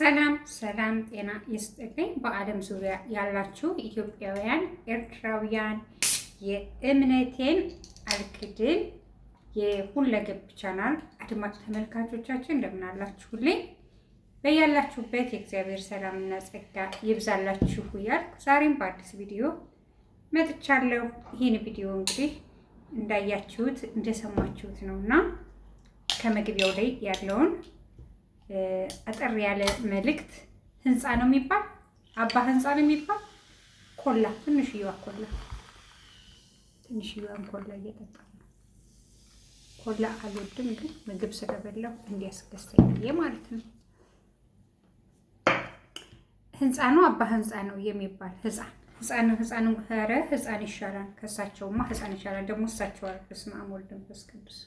ሰላም ሰላም፣ ጤና ይስጥልኝ። በዓለም ዙሪያ ያላችሁ ኢትዮጵያውያን፣ ኤርትራውያን የእምነቴን አልክድን የሁለገብ ቻናል አድማጭ ተመልካቾቻችን እንደምን አላችሁልኝ? በያላችሁበት የእግዚአብሔር ሰላምና ጸጋ ይብዛላችሁ እያልኩ ዛሬም በአዲስ ቪዲዮ መጥቻለሁ። ይህን ቪዲዮ እንግዲህ እንዳያችሁት እንደሰማችሁት ነው እና ከመግቢያው ላይ ያለውን አጠር ያለ መልእክት ህንፃ ነው የሚባል አባ ህንፃ ነው የሚባል ኮላ ትንሽዬዋ ኮላ ትንሽዬዋን ኮላ እየጠጣሁ ነው። ኮላ አልወድም፣ ግን ምግብ ስለበላው እንዲያስደስተኝ ብዬ ማለት ነው። ህንፃ ነው አባ ህንፃ ነው የሚባል ህፃን ህፃን ህፃን ኧረ ህፃን ይሻላል ከእሳቸውማ ህፃን ይሻላል። ደግሞ እሳቸው አሉ። በስመ አብ ወወልድ ወመንፈስ ቅዱስ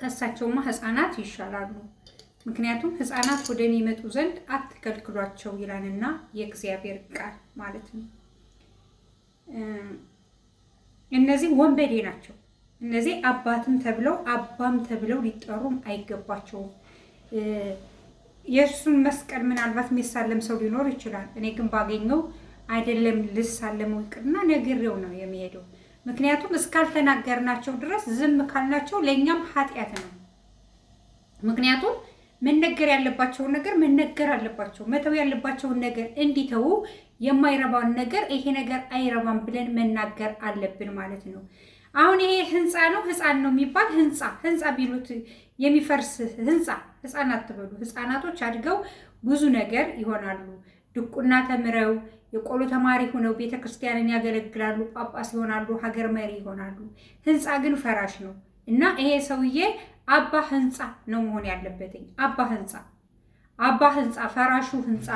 ከእሳቸውማ ህፃናት ይሻላሉ። ምክንያቱም ህፃናት ወደ እኔ ይመጡ ዘንድ አትከልክሏቸው ይላልና የእግዚአብሔር ቃል ማለት ነው። እነዚህ ወንበዴ ናቸው። እነዚህ አባትም ተብለው አባም ተብለው ሊጠሩም አይገባቸውም። የእሱን መስቀል ምናልባት የሚሳለም ሰው ሊኖር ይችላል። እኔ ግን ባገኘው አይደለም ልሳለመው ይቅርና ነግሬው ነው የሚሄደው። ምክንያቱም እስካልተናገርናቸው ድረስ ዝም ካልናቸው ለእኛም ኃጢአት ነው። ምክንያቱም መነገር ያለባቸውን ነገር መነገር አለባቸው። መተው ያለባቸውን ነገር እንዲተዉ፣ የማይረባውን ነገር ይሄ ነገር አይረባም ብለን መናገር አለብን ማለት ነው። አሁን ይሄ ህንፃ ነው ህፃን ነው የሚባል ህንፃ ህንፃ ቢሉት የሚፈርስ ህንፃ ህፃናት ትበሉ ህፃናቶች አድገው ብዙ ነገር ይሆናሉ። ድቁና ተምረው የቆሎ ተማሪ ሆነው ቤተ ክርስቲያንን ያገለግላሉ፣ ጳጳስ ይሆናሉ፣ ሀገር መሪ ይሆናሉ። ህንፃ ግን ፈራሽ ነው እና ይሄ ሰውዬ አባ ህንፃ ነው መሆን ያለበትኝ። አባ ህንፃ አባ ህንፃ ፈራሹ ህንፃ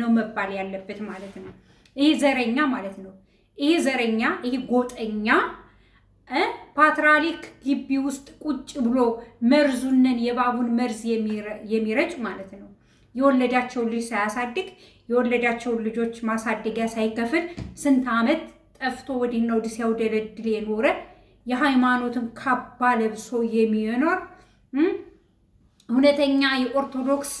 ነው መባል ያለበት ማለት ነው። ይሄ ዘረኛ ማለት ነው። ይሄ ዘረኛ፣ ይሄ ጎጠኛ ፓትራሊክ ግቢ ውስጥ ቁጭ ብሎ መርዙነን የባቡን መርዝ የሚረጭ ማለት ነው። የወለዳቸውን ልጅ ሳያሳድግ የወለዳቸውን ልጆች ማሳደጊያ ሳይከፍል ስንት ዓመት ጠፍቶ ወዲና ወዲህ ሲያውደለድል የኖረ የሃይማኖትን ካባ ለብሶ የሚኖር እውነተኛ የኦርቶዶክስ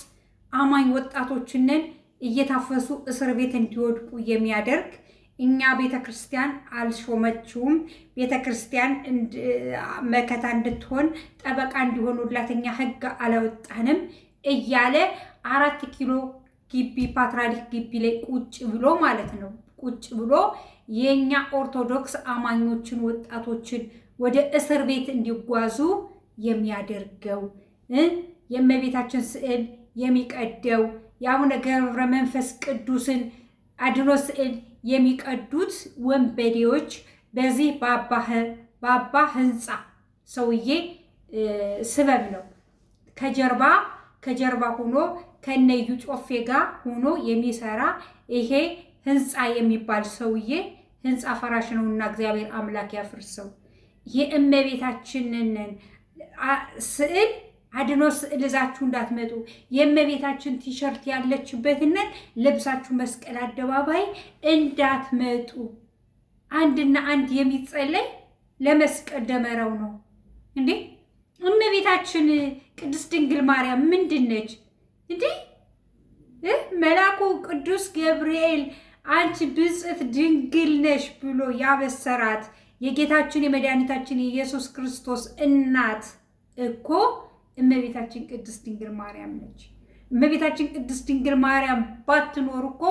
አማኝ ወጣቶችንን እየታፈሱ እስር ቤት እንዲወድቁ የሚያደርግ እኛ ቤተ ክርስቲያን አልሾመችውም። ቤተ ክርስቲያን መከታ እንድትሆን ጠበቃ እንዲሆኑላት እኛ ሕግ አላወጣንም እያለ አራት ኪሎ ግቢ ፓትርያርክ ግቢ ላይ ቁጭ ብሎ ማለት ነው ቁጭ ብሎ የእኛ ኦርቶዶክስ አማኞችን ወጣቶችን ወደ እስር ቤት እንዲጓዙ የሚያደርገው የእመቤታችን ስዕል የሚቀደው የአቡነ ገብረ መንፈስ ቅዱስን አድኖ ስዕል የሚቀዱት ወንበዴዎች በዚህ በአባ ህንፃ ሰውዬ ስበብ ነው ከጀርባ ከጀርባ ሆኖ ከነዩ ጮፌ ጋር ሆኖ የሚሰራ ይሄ ህንፃ የሚባል ሰውዬ ህንፃ ፈራሽ ነውና እግዚአብሔር አምላክ ያፍርሰው። የእመቤታችንን ስዕል አድኖ ስዕል እዛችሁ እንዳትመጡ። የእመቤታችን ቲሸርት ያለችበትነት ለብሳችሁ መስቀል አደባባይ እንዳትመጡ። አንድና አንድ የሚጸለይ ለመስቀል ደመራው ነው እንዴ! እመቤታችን ቅድስት ድንግል ማርያም ምንድን ነች? እንዴ መልአኩ ቅዱስ ገብርኤል አንቺ ብጽዕት ድንግል ነሽ ብሎ ያበሰራት የጌታችን የመድኃኒታችን የኢየሱስ ክርስቶስ እናት እኮ እመቤታችን ቅድስት ድንግል ማርያም ነች። እመቤታችን ቅድስት ድንግል ማርያም ባትኖር እኮ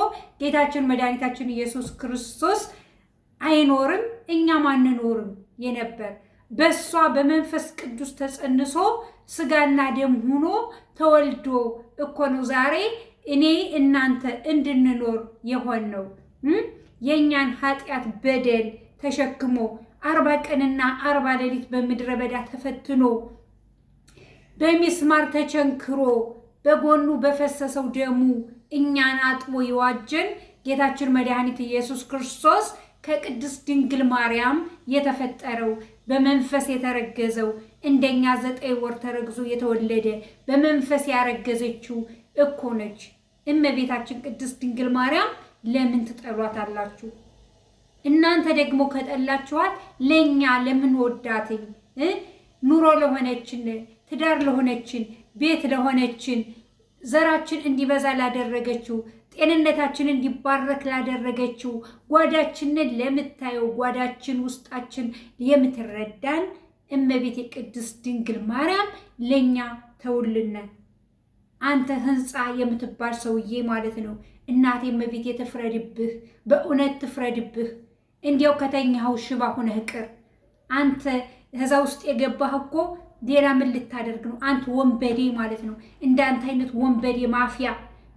ጌታችን መድኃኒታችን ኢየሱስ ክርስቶስ አይኖርም፣ እኛም አንኖርም የነበር በእሷ በመንፈስ ቅዱስ ተጸንሶ ስጋና ደም ሆኖ ተወልዶ እኮ ነው ዛሬ እኔ እናንተ እንድንኖር የሆን ነው። የእኛን ኃጢአት በደል ተሸክሞ አርባ ቀንና አርባ ሌሊት በምድረ በዳ ተፈትኖ በሚስማር ተቸንክሮ በጎኑ በፈሰሰው ደሙ እኛን አጥቦ የዋጀን ጌታችን መድኃኒት ኢየሱስ ክርስቶስ ከቅድስት ድንግል ማርያም የተፈጠረው በመንፈስ የተረገዘው እንደኛ ዘጠኝ ወር ተረግዞ የተወለደ በመንፈስ ያረገዘችው እኮ ነች። እመቤታችን ቅድስት ድንግል ማርያም ለምን ትጠሏታላችሁ? እናንተ ደግሞ ከጠላችኋት ለእኛ ለምን ወዳትኝ ኑሮ ለሆነችን ትዳር ለሆነችን ቤት ለሆነችን ዘራችን እንዲበዛ ላደረገችው ጤንነታችን እንዲባረክ ላደረገችው ጓዳችንን ለምታየው ጓዳችን ውስጣችን የምትረዳን እመቤት የቅድስት ድንግል ማርያም ለእኛ ተውልነ። አንተ ህንፃ የምትባል ሰውዬ ማለት ነው። እናቴ እመቤቴ ትፍረድብህ፣ በእውነት ትፍረድብህ። እንዲያው ከተኛኸው ሽባ ሁነህ ቅር። አንተ ከዛ ውስጥ የገባህ እኮ ሌላ ምን ልታደርግ ነው? አንተ ወንበዴ ማለት ነው። እንዳንተ አይነት ወንበዴ ማፊያ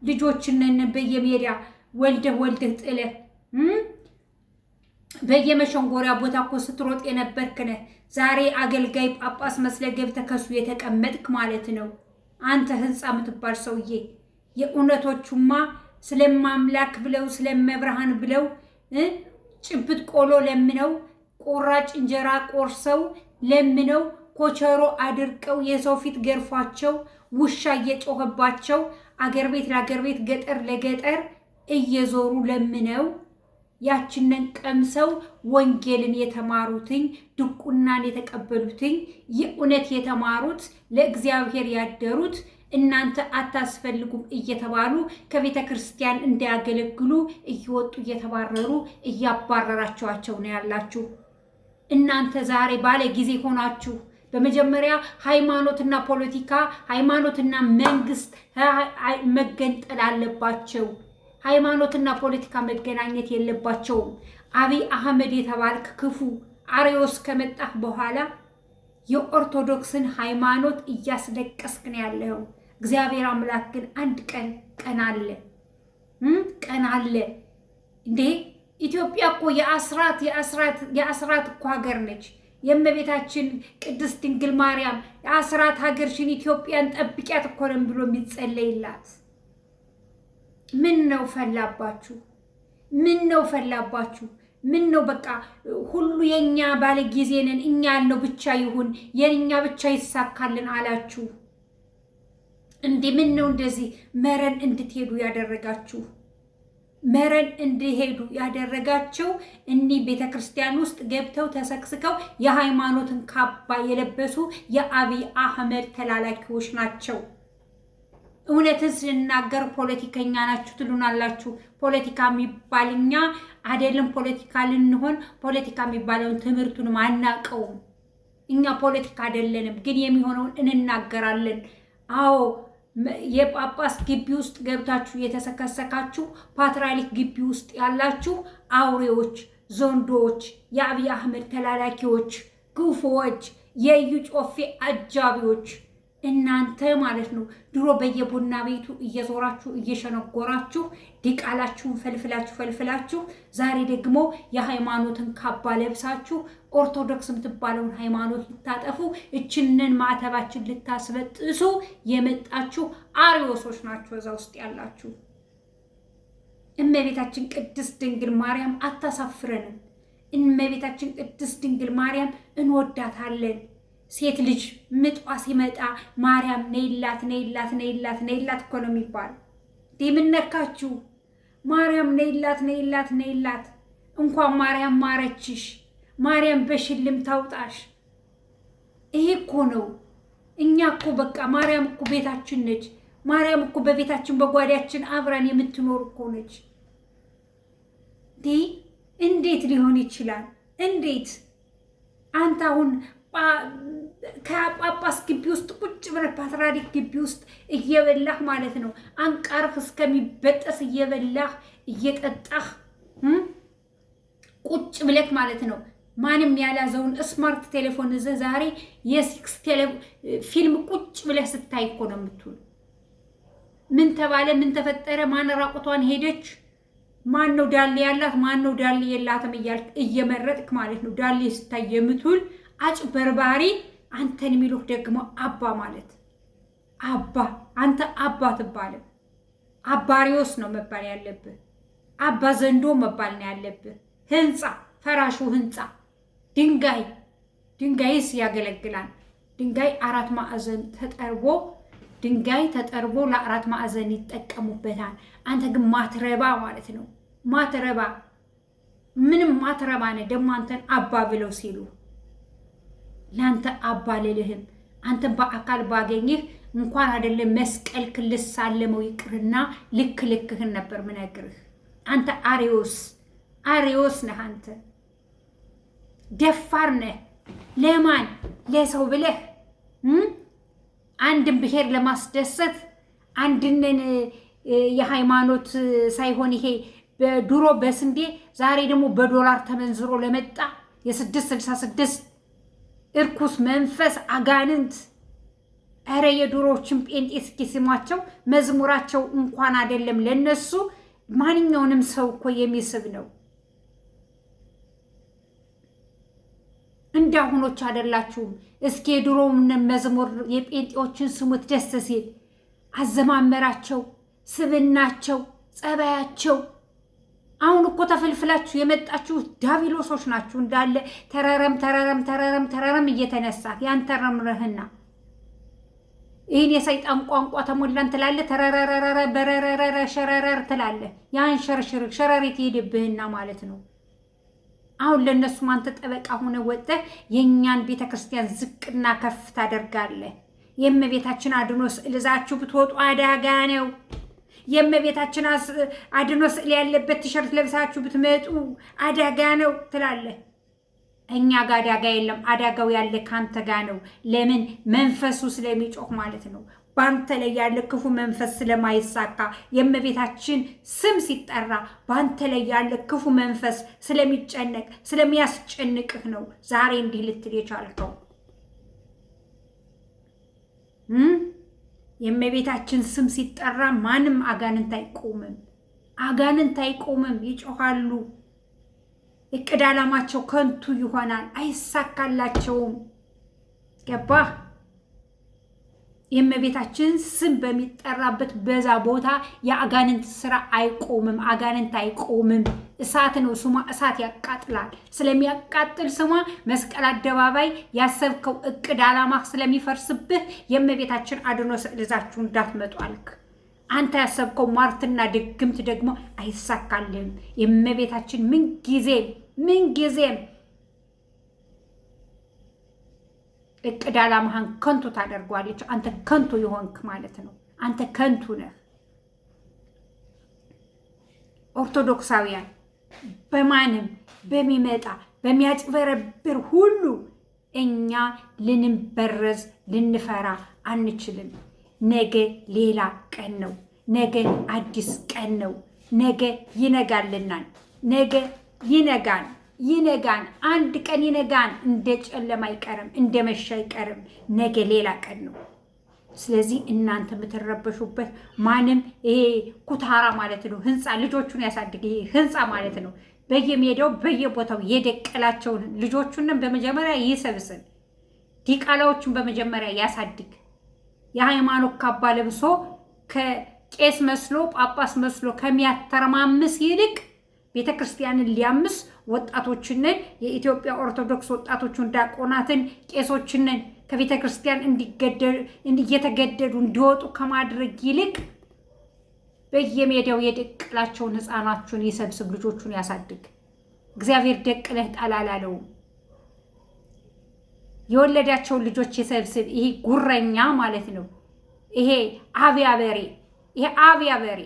ልጆችንን በየሜዳ ወልደህ ወልደህ ጥለህ በየመሸንጎሪያ ቦታ እኮ ስትሮጥ የነበርክ ነህ። ዛሬ አገልጋይ ጳጳስ መስለህ ገብተህ ከሱ የተቀመጥክ ማለት ነው። አንተ ህንፃ የምትባል ሰውዬ የእውነቶቹማ ስለማምላክ ብለው ስለመብርሃን ብለው ጭብጥ ቆሎ ለምነው ቆራጭ እንጀራ ቆርሰው ለምነው ኮቸሮ አድርቀው የሰው ፊት ገርፏቸው ውሻ እየጮኸባቸው አገር ቤት ለአገር ቤት ገጠር ለገጠር እየዞሩ ለምነው ያችንን ቀምሰው ወንጌልን የተማሩትኝ ድቁናን የተቀበሉትኝ የእውነት የተማሩት ለእግዚአብሔር ያደሩት እናንተ አታስፈልጉም እየተባሉ ከቤተ ክርስቲያን እንዳያገለግሉ እየወጡ እየተባረሩ እያባረራቸዋቸው ነው ያላችሁ። እናንተ ዛሬ ባለ ጊዜ ሆናችሁ በመጀመሪያ ሃይማኖትና ፖለቲካ፣ ሃይማኖትና መንግስት መገንጠል አለባቸው። ሃይማኖትና ፖለቲካ መገናኘት የለባቸውም። አብይ አህመድ የተባልክ ክፉ አርዮስ ከመጣህ በኋላ የኦርቶዶክስን ሃይማኖት እያስለቀስክ ነው ያለው። እግዚአብሔር አምላክ ግን አንድ ቀን ቀን አለ ቀን አለ እንዴ! ኢትዮጵያ እኮ የአስራት የአስራት የአስራት እኮ ሀገር ነች። የእመቤታችን ቅድስት ድንግል ማርያም አስራት ሀገርሽን ኢትዮጵያን ጠብቂያት እኮ ነው ብሎ የሚጸለይላት ምን ነው ፈላባችሁ? ምን ነው ፈላባችሁ? ምን ነው በቃ ሁሉ የእኛ ባለ ጊዜ ነን እኛ ያልነው ብቻ ይሁን የእኛ ብቻ ይሳካልን አላችሁ እንዴ? ምን ነው እንደዚህ መረን እንድትሄዱ ያደረጋችሁ? መረን እንዲሄዱ ያደረጋቸው እኒህ ቤተ ክርስቲያን ውስጥ ገብተው ተሰክስከው የሃይማኖትን ካባ የለበሱ የአብይ አህመድ ተላላኪዎች ናቸው። እውነትን ስንናገር ፖለቲከኛ ናችሁ ትሉናላችሁ። ፖለቲካ የሚባል እኛ አይደለም ፖለቲካ ልንሆን ፖለቲካ የሚባለውን ትምህርቱንም አናቀውም እኛ ፖለቲካ አይደለንም፣ ግን የሚሆነውን እንናገራለን። አዎ የጳጳስ ግቢ ውስጥ ገብታችሁ የተሰከሰካችሁ፣ ፓትርያርክ ግቢ ውስጥ ያላችሁ አውሬዎች፣ ዞንዶዎች፣ የአብይ አህመድ ተላላኪዎች፣ ግፎዎች፣ የኢዩ ጮፌ አጃቢዎች እናንተ ማለት ነው ድሮ በየቡና ቤቱ እየዞራችሁ እየሸነጎራችሁ ዲቃላችሁን ፈልፍላችሁ ፈልፍላችሁ፣ ዛሬ ደግሞ የሃይማኖትን ካባ ለብሳችሁ ኦርቶዶክስ የምትባለውን ሃይማኖት ልታጠፉ እችንን ማዕተባችን ልታስበጥሱ የመጣችሁ አሪዎሶች ናቸው እዛ ውስጥ ያላችሁ። እመቤታችን ቅድስት ድንግል ማርያም አታሳፍረንም። እመቤታችን ቅድስት ድንግል ማርያም እንወዳታለን። ሴት ልጅ ምጧ ሲመጣ ማርያም ነይላት ነይላት ነይላት ነይላት እኮ ነው የሚባል። የምነካችሁ ማርያም ነይላት ነይላት ነይላት። እንኳን ማርያም ማረችሽ፣ ማርያም በሽልም ታውጣሽ። ይሄ እኮ ነው። እኛ እኮ በቃ ማርያም እኮ ቤታችን ነች። ማርያም እኮ በቤታችን በጓዳችን አብራን የምትኖር እኮ ነች። እንዴት ሊሆን ይችላል? እንዴት አንተ አሁን ከጳጳስ ግቢ ውስጥ ቁጭ ብለህ ፓትርያርክ ግቢ ውስጥ እየበላህ ማለት ነው፣ አንቃርህ እስከሚበጠስ እየበላህ እየጠጣህ ቁጭ ብለህ ማለት ነው። ማንም ያላዘውን ስማርት ቴሌፎን እዘ ዛሬ የሲክስ ፊልም ቁጭ ብለህ ስታይ እኮ ነው የምትውል። ምን ተባለ? ምን ተፈጠረ? ማን ራቁቷን ሄደች? ማን ነው ዳሌ ያላት? ማን ነው ዳሌ የላትም? እያልክ እየመረጥክ ማለት ነው ዳሌ ስታይ የምትውል አጭበርባሪ አንተን የሚሉህ ደግሞ አባ ማለት አባ አንተ አባ ትባልም አባሪዎስ ነው መባል ያለብህ። አባ ዘንዶ መባል ነው ያለብህ። ህንፃ ፈራሹ ህንፃ ድንጋይ ድንጋይስ ያገለግላል። ድንጋይ አራት ማዕዘን ተጠርቦ ድንጋይ ተጠርቦ ለአራት ማዕዘን ይጠቀሙበታል። አንተ ግን ማትረባ ማለት ነው። ማትረባ ምንም ማትረባ ነህ። ደግሞ አንተን አባ ብለው ሲሉ ለአንተ አባልልህም። አንተ በአካል ባገኝህ እንኳን አይደለም መስቀል ክልስ ይቅርና ልክ ልክህን ነበር ምነግርህ። አንተ አሪዮስ አሪዮስ ነህ። አንተ ደፋር ነህ። ለማን ለሰው ብለህ አንድን ብሔር ለማስደሰት አንድንን የሃይማኖት ሳይሆን ይሄ ድሮ በስንዴ ዛሬ ደግሞ በዶላር ተመንዝሮ ለመጣ የስድስት ስልሳ ስድስት እርኩስ መንፈስ አጋንንት እረ የድሮዎችን ጴንጤ እስኪ ስሟቸው፣ መዝሙራቸው እንኳን አይደለም ለነሱ ማንኛውንም ሰው እኮ የሚስብ ነው። እንዳሁኖች አይደላችሁም። እስኪ የድሮውን መዝሙር የጴንጤዎችን ስሙት። ደስ ሲል አዘማመራቸው፣ ስብናቸው፣ ጸባያቸው አሁን እኮ ተፈልፍላችሁ የመጣችሁ ዳቢሎሶች ናችሁ እንዳለ ተረረም ተረረም ተረረም ተረረም እየተነሳ ያንተረምህና ይህን የሰይጣን ቋንቋ ተሞላን ትላለ ተረረረረረ በረረረረ ሸረረር ትላለ ያን ሸርሽር ሸረሬት ይሄድብህና ማለት ነው። አሁን ለእነሱ አንተ ጠበቃ ሆነ ወጥተህ የእኛን ቤተ ክርስቲያን ዝቅና ከፍ ታደርጋለህ። የእመቤታችን አድኖ ስዕል ይዛችሁ ብትወጡ አደጋ ነው። የእመቤታችን አድኖ ስዕል ያለበት ቲሸርት ለብሳችሁ ብትመጡ አዳጋ ነው ትላለህ። እኛ ጋ አዳጋ የለም። አዳጋው ያለ ካንተ ጋ ነው። ለምን መንፈሱ ስለሚጮህ ማለት ነው። በአንተ ላይ ያለ ክፉ መንፈስ ስለማይሳካ የእመቤታችን ስም ሲጠራ በአንተ ላይ ያለ ክፉ መንፈስ ስለሚጨነቅ ስለሚያስጨንቅህ ነው ዛሬ እንዲህ ልትል የቻልከው። የእመቤታችን ስም ሲጠራ ማንም አጋንንት አይቆምም። አጋንንት አይቆምም፣ ይጮኋሉ። እቅድ ዓላማቸው ከንቱ ይሆናል፣ አይሳካላቸውም። ገባ? የእመቤታችን ስም በሚጠራበት በዛ ቦታ የአጋንንት ስራ አይቆምም፣ አጋንንት አይቆምም። እሳት ነው ስሟ፣ እሳት ያቃጥላል። ስለሚያቃጥል ስሟ መስቀል አደባባይ ያሰብከው እቅድ አላማ ስለሚፈርስብህ የእመቤታችን አድኖ ስዕል እንዳትመጡ አልክ። አንተ ያሰብከው ሟርትና ድግምት ደግሞ አይሳካልም። የእመቤታችን ምንጊዜም ምንጊዜም እቅድ አላማህን ከንቱ ታደርጓለች። አንተ ከንቱ የሆንክ ማለት ነው። አንተ ከንቱ ነህ። ኦርቶዶክሳውያን በማንም በሚመጣ በሚያጭበረብር ሁሉ እኛ ልንበረዝ ልንፈራ አንችልም። ነገ ሌላ ቀን ነው። ነገ አዲስ ቀን ነው። ነገ ይነጋልናል። ነገ ይነጋል ይነጋን አንድ ቀን ይነጋን። እንደ ጨለማ አይቀርም፣ እንደ መሻ አይቀርም። ነገ ሌላ ቀን ነው። ስለዚህ እናንተ የምትረበሹበት ማንም ይሄ ኩታራ ማለት ነው ህንፃ ልጆቹን ያሳድግ ይሄ ህንፃ ማለት ነው። በየሜዳው በየቦታው የደቀላቸውን ልጆቹንም በመጀመሪያ ይሰብስብ፣ ዲቃላዎቹን በመጀመሪያ ያሳድግ። የሃይማኖት ካባ ለብሶ ከቄስ መስሎ ጳጳስ መስሎ ከሚያተረማምስ ይልቅ ቤተ ክርስቲያንን ሊያምስ ወጣቶችንን የኢትዮጵያ ኦርቶዶክስ ወጣቶችን ዲያቆናትን ቄሶችንን ከቤተ ክርስቲያን እየተገደዱ እንዲወጡ ከማድረግ ይልቅ በየሜዳው የደቅላቸውን ህፃናቹን ይሰብስብ፣ ልጆቹን ያሳድግ። እግዚአብሔር ደቅለህ ጣላላለው የወለዳቸውን ልጆች ይሰብስብ። ይሄ ጉረኛ ማለት ነው። ይሄ አብያ በሬ ይሄ አብያ በሬ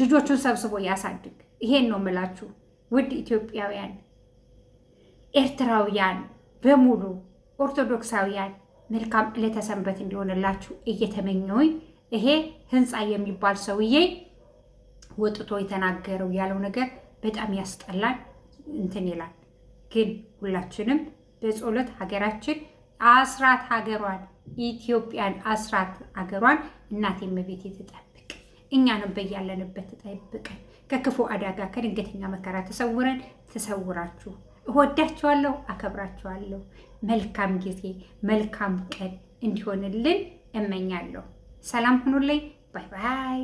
ልጆቹን ሰብስቦ ያሳድግ። ይሄን ነው የምላችሁ ውድ ኢትዮጵያውያን ኤርትራውያን በሙሉ ኦርቶዶክሳውያን መልካም ዕለተ ሰንበት እንዲሆንላችሁ እየተመኘሁኝ ይሄ ህንፃ የሚባል ሰውዬ ወጥቶ የተናገረው ያለው ነገር በጣም ያስጠላል። እንትን ይላል ግን ሁላችንም በጸሎት ሀገራችን አስራት ሀገሯን ኢትዮጵያን አስራት ሀገሯን እናቴ እመቤቴ ትጠብቅ፣ እኛንም በያለንበት ትጠብቀን፣ ከክፉ አደጋ ከድንገተኛ መከራ ተሰውረን ተሰውራችሁ እወዳችኋለሁ፣ አከብራችኋለሁ። መልካም ጊዜ፣ መልካም ቀን እንዲሆንልን እመኛለሁ። ሰላም ሁኑልኝ። ባይ ባይ